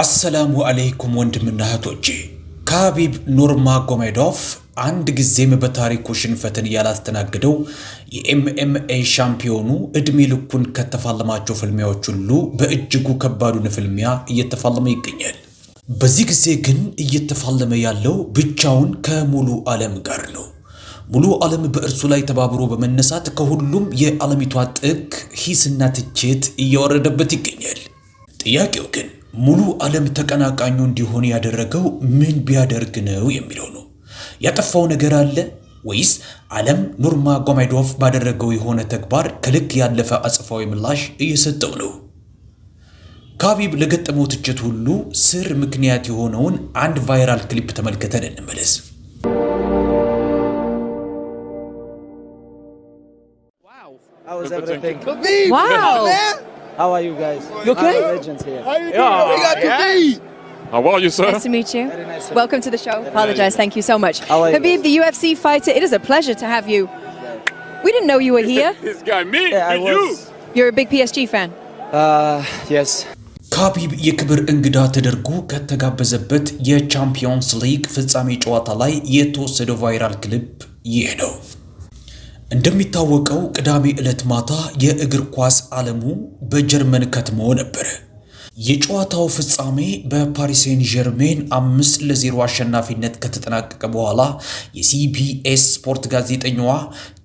አሰላሙ አለይኩም ወንድምና እህቶቼ ከሀቢብ ኑርማጎሜዶቭ አንድ ጊዜም በታሪኩ ሽንፈትን ያላስተናገደው የኤምኤምኤ ሻምፒዮኑ ዕድሜ ልኩን ከተፋለማቸው ፍልሚያዎች ሁሉ በእጅጉ ከባዱን ፍልሚያ እየተፋለመ ይገኛል። በዚህ ጊዜ ግን እየተፋለመ ያለው ብቻውን ከሙሉ ዓለም ጋር ነው። ሙሉ ዓለም በእርሱ ላይ ተባብሮ በመነሳት ከሁሉም የዓለሚቷ ጥግ ሂስና ትችት እየወረደበት ይገኛል። ጥያቄው ግን ሙሉ ዓለም ተቀናቃኙ እንዲሆን ያደረገው ምን ቢያደርግ ነው የሚለው ነው። ያጠፋው ነገር አለ ወይስ ዓለም ኑርማ ጎማይዶቭ ባደረገው የሆነ ተግባር ከልክ ያለፈ አጽፋዊ ምላሽ እየሰጠው ነው? ካቢብ ለገጠመው ትችት ሁሉ ስር ምክንያት የሆነውን አንድ ቫይራል ክሊፕ ተመልክተን እንመለስ። ዋው How are you guys? You okay? I'm legends here. How are you doing? Yeah. Yes. How are you, sir? Nice to meet you. Very nice to Welcome to the show. Apologize. Thank you so much. How are you Habib, guys? the UFC fighter, it is a pleasure to have you. We didn't know you were here. this guy, me, yeah, I was... you. You're a big PSG fan. Uh, yes. ካቢብ የክብር እንግዳ ተደርጎ ከተጋበዘበት የቻምፒዮንስ ሊግ ፍጻሜ ጨዋታ ላይ የተወሰደው ቫይራል ክሊፕ ይህ ነው። እንደሚታወቀው ቅዳሜ ዕለት ማታ የእግር ኳስ ዓለሙ በጀርመን ከትሞ ነበር። የጨዋታው ፍጻሜ በፓሪሴን ጀርሜን አምስት ለዜሮ አሸናፊነት ከተጠናቀቀ በኋላ የሲቢኤስ ስፖርት ጋዜጠኛዋ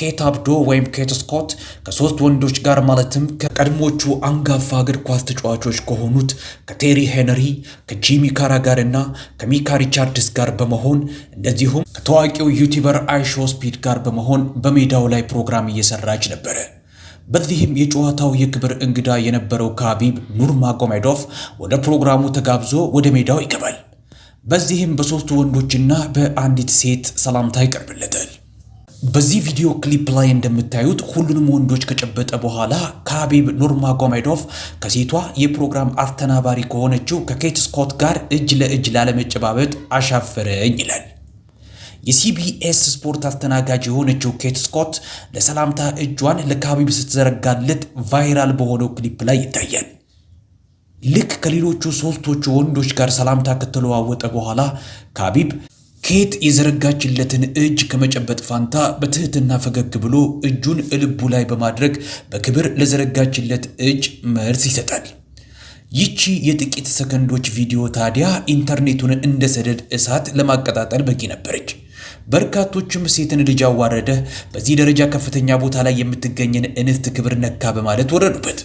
ኬት አብዶ ወይም ኬት ስኮት ከሶስት ወንዶች ጋር ማለትም ከቀድሞቹ አንጋፋ እግር ኳስ ተጫዋቾች ከሆኑት ከቴሪ ሄነሪ፣ ከጂሚ ካራ ጋር እና ከሚካ ሪቻርድስ ጋር በመሆን እንደዚሁም ከታዋቂው ዩቲበር አይሾ ስፒድ ጋር በመሆን በሜዳው ላይ ፕሮግራም እየሰራች ነበረ። በዚህም የጨዋታው የክብር እንግዳ የነበረው ካቢብ ኑርማጎሜዶቭ ወደ ፕሮግራሙ ተጋብዞ ወደ ሜዳው ይገባል። በዚህም በሦስቱ ወንዶችና በአንዲት ሴት ሰላምታ ይቀርብለታል። በዚህ ቪዲዮ ክሊፕ ላይ እንደምታዩት ሁሉንም ወንዶች ከጨበጠ በኋላ ካቢብ ኑርማጎሜዶቭ ከሴቷ የፕሮግራም አስተናባሪ ከሆነችው ከኬት ስኮት ጋር እጅ ለእጅ ላለመጨባበጥ አሻፈረኝ ይላል። የሲቢኤስ ስፖርት አስተናጋጅ የሆነችው ኬት ስኮት ለሰላምታ እጇን ለካቢብ ስትዘረጋለት ቫይራል በሆነው ክሊፕ ላይ ይታያል። ልክ ከሌሎቹ ሶስቶቹ ወንዶች ጋር ሰላምታ ከተለዋወጠ በኋላ ካቢብ ኬት የዘረጋችለትን እጅ ከመጨበጥ ፋንታ በትህትና ፈገግ ብሎ እጁን እልቡ ላይ በማድረግ በክብር ለዘረጋችለት እጅ መልስ ይሰጣል። ይቺ የጥቂት ሰከንዶች ቪዲዮ ታዲያ ኢንተርኔቱን እንደ ሰደድ እሳት ለማቀጣጠል በቂ ነበረች። በርካቶችም ሴትን ልጅ አዋረደ፣ በዚህ ደረጃ ከፍተኛ ቦታ ላይ የምትገኝን እንስት ክብር ነካ በማለት ወረዱበት።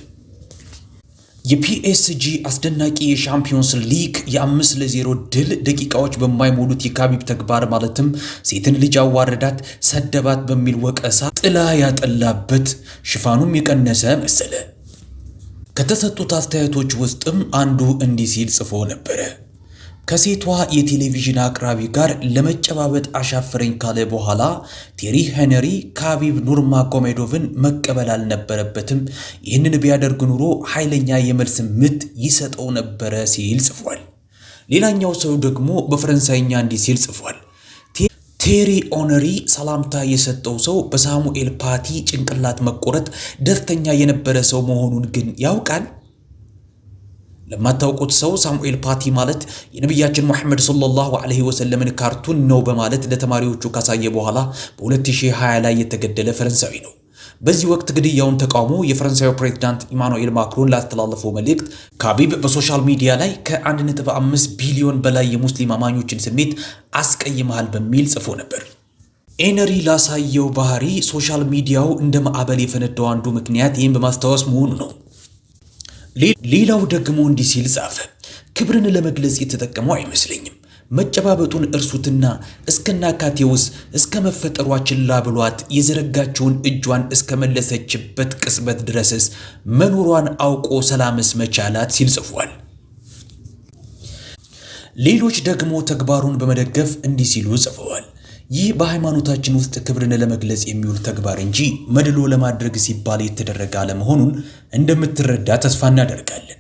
የፒኤስጂ አስደናቂ የሻምፒዮንስ ሊግ የአምስት 0 ድል ደቂቃዎች በማይሞሉት የካቢብ ተግባር ማለትም ሴትን ልጅ አዋረዳት፣ ሰደባት በሚል ወቀሳ ጥላ ያጠላበት ሽፋኑም የቀነሰ መሰለ። ከተሰጡት አስተያየቶች ውስጥም አንዱ እንዲህ ሲል ጽፎ ነበረ። ከሴቷ የቴሌቪዥን አቅራቢ ጋር ለመጨባበጥ አሻፈረኝ ካለ በኋላ ቴሪ ሄነሪ ካቢብ ኑርማጎሜዶቭን መቀበል አልነበረበትም። ይህንን ቢያደርግ ኑሮ ኃይለኛ የመልስ ምት ይሰጠው ነበረ ሲል ጽፏል። ሌላኛው ሰው ደግሞ በፈረንሳይኛ እንዲህ ሲል ጽፏል። ቴሪ ኦነሪ ሰላምታ የሰጠው ሰው በሳሙኤል ፓቲ ጭንቅላት መቆረጥ ደስተኛ የነበረ ሰው መሆኑን ግን ያውቃል። ለማታውቁት ሰው ሳሙኤል ፓቲ ማለት የነቢያችን ሙሐመድ ሰለላሁ ዐለይሂ ወሰለምን ካርቱን ነው በማለት ለተማሪዎቹ ካሳየ በኋላ በ2020 ላይ የተገደለ ፈረንሳዊ ነው። በዚህ ወቅት ግድያውን ተቃውሞ የፈረንሳዩ ፕሬዚዳንት ኢማኑኤል ማክሮን ላስተላለፈው መልእክት ካቢብ በሶሻል ሚዲያ ላይ ከ1.5 ቢሊዮን በላይ የሙስሊም አማኞችን ስሜት አስቀይመሃል በሚል ጽፎ ነበር። ኤነሪ ላሳየው ባህሪ ሶሻል ሚዲያው እንደ ማዕበል የፈነዳው አንዱ ምክንያት ይህም በማስታወስ መሆኑ ነው። ሌላው ደግሞ እንዲህ ሲል ጻፈ። ክብርን ለመግለጽ የተጠቀመው አይመስለኝም። መጨባበጡን እርሱትና እስከናካቴውስ እስከ መፈጠሯ ችላ ብሏት የዘረጋችውን እጇን እስከመለሰችበት ቅጽበት ድረስስ መኖሯን አውቆ ሰላምስ መቻላት ሲል ጽፏል። ሌሎች ደግሞ ተግባሩን በመደገፍ እንዲህ ሲሉ ጽፈዋል። ይህ በሃይማኖታችን ውስጥ ክብርን ለመግለጽ የሚውል ተግባር እንጂ መድሎ ለማድረግ ሲባል የተደረገ አለመሆኑን እንደምትረዳ ተስፋ እናደርጋለን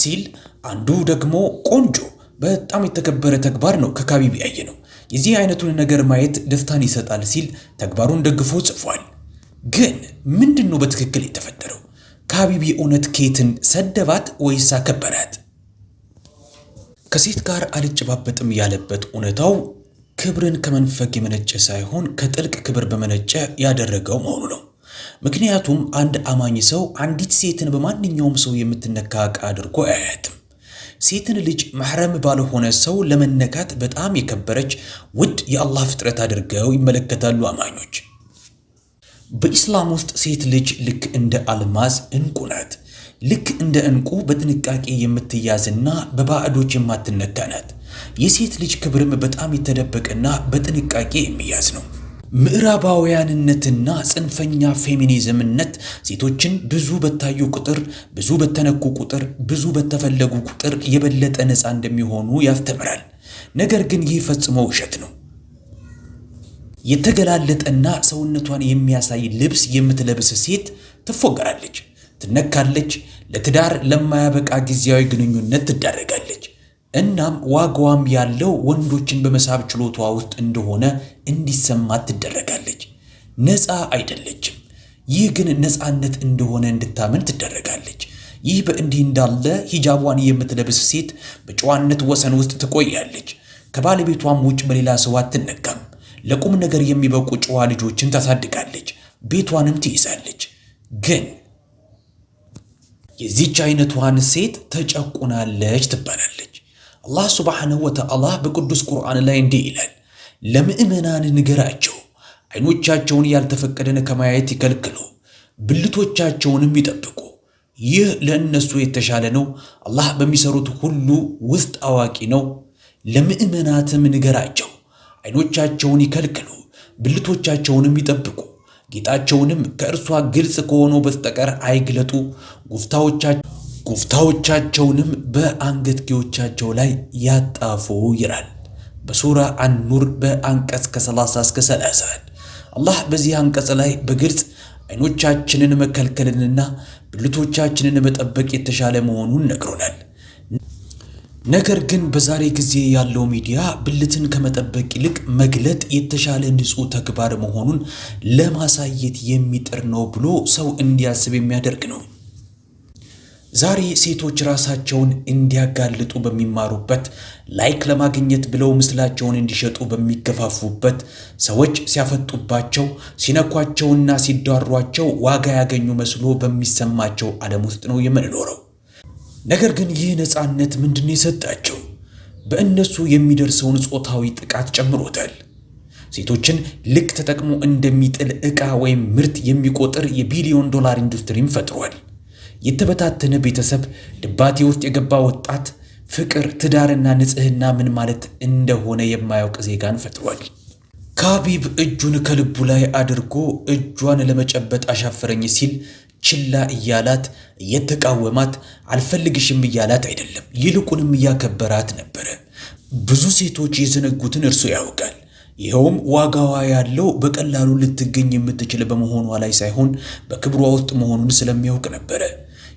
ሲል አንዱ ደግሞ ቆንጆ በጣም የተከበረ ተግባር ነው ከካቢብ ያየ ነው። የዚህ አይነቱን ነገር ማየት ደስታን ይሰጣል ሲል ተግባሩን ደግፎ ጽፏል። ግን ምንድን ነው በትክክል የተፈጠረው? ካቢብ የእውነት ኬትን ሰደባት ወይስ አከበራት? ከሴት ጋር አልጨባበጥም ያለበት እውነታው ክብርን ከመንፈግ የመነጨ ሳይሆን ከጥልቅ ክብር በመነጨ ያደረገው መሆኑ ነው። ምክንያቱም አንድ አማኝ ሰው አንዲት ሴትን በማንኛውም ሰው የምትነካ ዕቃ አድርጎ አያያትም። ሴትን ልጅ መሕረም ባልሆነ ሰው ለመነካት በጣም የከበረች ውድ የአላህ ፍጥረት አድርገው ይመለከታሉ አማኞች። በኢስላም ውስጥ ሴት ልጅ ልክ እንደ አልማዝ እንቁ ናት። ልክ እንደ እንቁ በጥንቃቄ የምትያዝና በባዕዶች የማትነካ ናት። የሴት ልጅ ክብርም በጣም የተደበቀና በጥንቃቄ የሚያዝ ነው። ምዕራባውያንነትና ጽንፈኛ ፌሚኒዝምነት ሴቶችን ብዙ በታዩ ቁጥር፣ ብዙ በተነኩ ቁጥር፣ ብዙ በተፈለጉ ቁጥር የበለጠ ነፃ እንደሚሆኑ ያስተምራል። ነገር ግን ይህ ፈጽሞ ውሸት ነው። የተገላለጠና ሰውነቷን የሚያሳይ ልብስ የምትለብስ ሴት ትፎገራለች፣ ትነካለች፣ ለትዳር ለማያበቃ ጊዜያዊ ግንኙነት ትዳረጋለች። እናም ዋጋዋም ያለው ወንዶችን በመሳብ ችሎቷ ውስጥ እንደሆነ እንዲሰማት ትደረጋለች። ነፃ አይደለችም። ይህ ግን ነፃነት እንደሆነ እንድታምን ትደረጋለች። ይህ በእንዲህ እንዳለ ሂጃቧን የምትለብስ ሴት በጨዋነት ወሰን ውስጥ ትቆያለች። ከባለቤቷም ውጭ በሌላ ሰው አትነካም። ለቁም ነገር የሚበቁ ጨዋ ልጆችን ታሳድጋለች፣ ቤቷንም ትይዛለች። ግን የዚች አይነቷን ሴት ተጨቁናለች ትባላለች። አላህ ስብሓንሁ ወተዓላ በቅዱስ ቁርአን ላይ እንዲህ ይላል፣ ለምእመናን ንገራቸው አይኖቻቸውን ያልተፈቀደን ከማየት ይከልክሉ፣ ብልቶቻቸውንም ይጠብቁ። ይህ ለእነሱ የተሻለ ነው። አላህ በሚሰሩት ሁሉ ውስጥ አዋቂ ነው። ለምእመናትም ንገራቸው አይኖቻቸውን ይከልክሉ፣ ብልቶቻቸውንም ይጠብቁ። ጌጣቸውንም ከእርሷ ግልጽ ከሆነው በስተቀር አይግለጡ። ጉፍታዎቻቸው ኩፍታዎቻቸውንም በአንገትጌዎቻቸው ላይ ያጣፉ ይላል። በሱራ አንኑር በአንቀጽ ከ30 እስከ 30 አላህ በዚህ አንቀጽ ላይ በግልጽ አይኖቻችንን መከልከልንና ብልቶቻችንን መጠበቅ የተሻለ መሆኑን ነግሮናል። ነገር ግን በዛሬ ጊዜ ያለው ሚዲያ ብልትን ከመጠበቅ ይልቅ መግለጥ የተሻለ ንጹህ ተግባር መሆኑን ለማሳየት የሚጥር ነው ብሎ ሰው እንዲያስብ የሚያደርግ ነው። ዛሬ ሴቶች ራሳቸውን እንዲያጋልጡ በሚማሩበት፣ ላይክ ለማግኘት ብለው ምስላቸውን እንዲሸጡ በሚገፋፉበት፣ ሰዎች ሲያፈጡባቸው ሲነኳቸውና ሲዳሯቸው ዋጋ ያገኙ መስሎ በሚሰማቸው ዓለም ውስጥ ነው የምንኖረው። ነገር ግን ይህ ነፃነት ምንድን ነው የሰጣቸው? በእነሱ የሚደርሰውን ጾታዊ ጥቃት ጨምሮታል። ሴቶችን ልክ ተጠቅሞ እንደሚጥል ዕቃ ወይም ምርት የሚቆጥር የቢሊዮን ዶላር ኢንዱስትሪም ፈጥሯል። የተበታተነ ቤተሰብ፣ ድባቴ ውስጥ የገባ ወጣት፣ ፍቅር፣ ትዳርና ንጽህና ምን ማለት እንደሆነ የማያውቅ ዜጋን ፈጥሯል። ካቢብ እጁን ከልቡ ላይ አድርጎ እጇን ለመጨበጥ አሻፈረኝ ሲል ችላ እያላት እየተቃወማት አልፈልግሽም እያላት አይደለም፣ ይልቁንም እያከበራት ነበረ። ብዙ ሴቶች የዘነጉትን እርሱ ያውቃል። ይኸውም ዋጋዋ ያለው በቀላሉ ልትገኝ የምትችል በመሆኗ ላይ ሳይሆን በክብሯ ውስጥ መሆኑን ስለሚያውቅ ነበረ።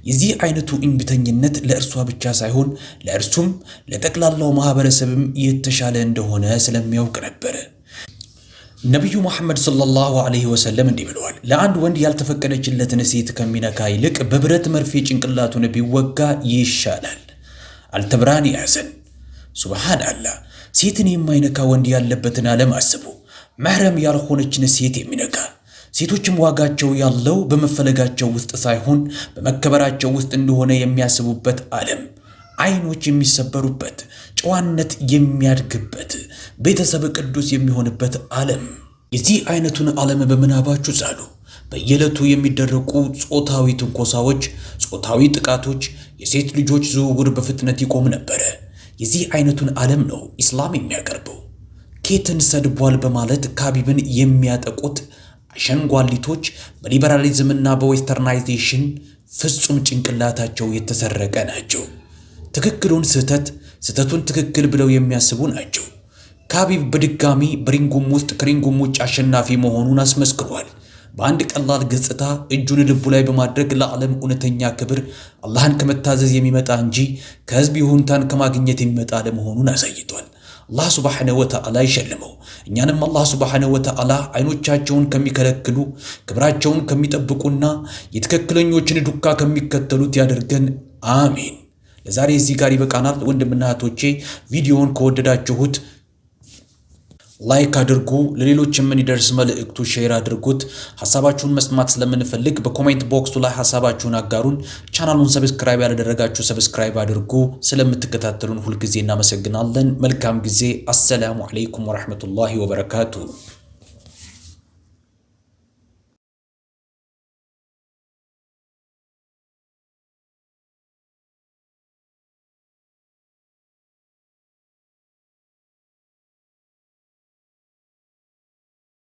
የዚህ አይነቱ እንቢተኝነት ለእርሷ ብቻ ሳይሆን ለእርሱም ለጠቅላላው ማህበረሰብም የተሻለ እንደሆነ ስለሚያውቅ ነበር። ነቢዩ መሐመድ ሰለላሁ ዐለይሂ ወሰለም እንዲህ ብለዋል፣ ለአንድ ወንድ ያልተፈቀደችለትን ሴት ከሚነካ ይልቅ በብረት መርፌ ጭንቅላቱን ቢወጋ ይሻላል። አልተብራኒ ያዘን። ሱብሃን ሴትን የማይነካ ወንድ ያለበትን ዓለም አስቡ። መሕረም ያልሆነችን ሴት የሚነካ ሴቶችም ዋጋቸው ያለው በመፈለጋቸው ውስጥ ሳይሆን በመከበራቸው ውስጥ እንደሆነ የሚያስቡበት ዓለም አይኖች የሚሰበሩበት ጨዋነት የሚያድግበት ቤተሰብ ቅዱስ የሚሆንበት ዓለም የዚህ አይነቱን ዓለም በምናባችሁ ጻሉ። በየዕለቱ የሚደረጉ ጾታዊ ትንኮሳዎች፣ ጾታዊ ጥቃቶች፣ የሴት ልጆች ዝውውር በፍጥነት ይቆም ነበረ። የዚህ አይነቱን ዓለም ነው ኢስላም የሚያቀርበው። ኬትን ሰድቧል በማለት ካቢብን የሚያጠቁት አሸንጓሊቶች በሊበራሊዝምና በዌስተርናይዜሽን ፍጹም ጭንቅላታቸው የተሰረቀ ናቸው። ትክክሉን ስህተት፣ ስህተቱን ትክክል ብለው የሚያስቡ ናቸው። ካቢብ በድጋሚ በሪንጉም ውስጥ ከሪንጉም ውጭ አሸናፊ መሆኑን አስመስክሯል። በአንድ ቀላል ገጽታ እጁን ልቡ ላይ በማድረግ ለዓለም እውነተኛ ክብር አላህን ከመታዘዝ የሚመጣ እንጂ ከህዝብ ይሁንታን ከማግኘት የሚመጣ ለመሆኑን አሳይቷል። አላህ ስብሓነሁ ወተዓላ ይሸልመው። እኛንም አላህ ስብሓነሁ ወተዓላ አይኖቻቸውን ከሚከለክሉ ክብራቸውን ከሚጠብቁና የትክክለኞችን ዱካ ከሚከተሉት ያደርገን። አሚን። ለዛሬ እዚህ ጋር ይበቃናል። ወንድምና እህቶቼ ቪዲዮውን ከወደዳችሁት ላይክ አድርጉ፣ ለሌሎች የምንደርስ መልእክቱ ሼር አድርጉት። ሀሳባችሁን መስማት ስለምንፈልግ በኮሜንት ቦክሱ ላይ ሀሳባችሁን አጋሩን። ቻናሉን ሰብስክራይብ ያላደረጋችሁ ሰብስክራይብ አድርጉ። ስለምትከታተሉን ሁልጊዜ እናመሰግናለን። መልካም ጊዜ። አሰላሙ አለይኩም ወረህመቱላሂ ወበረካቱ።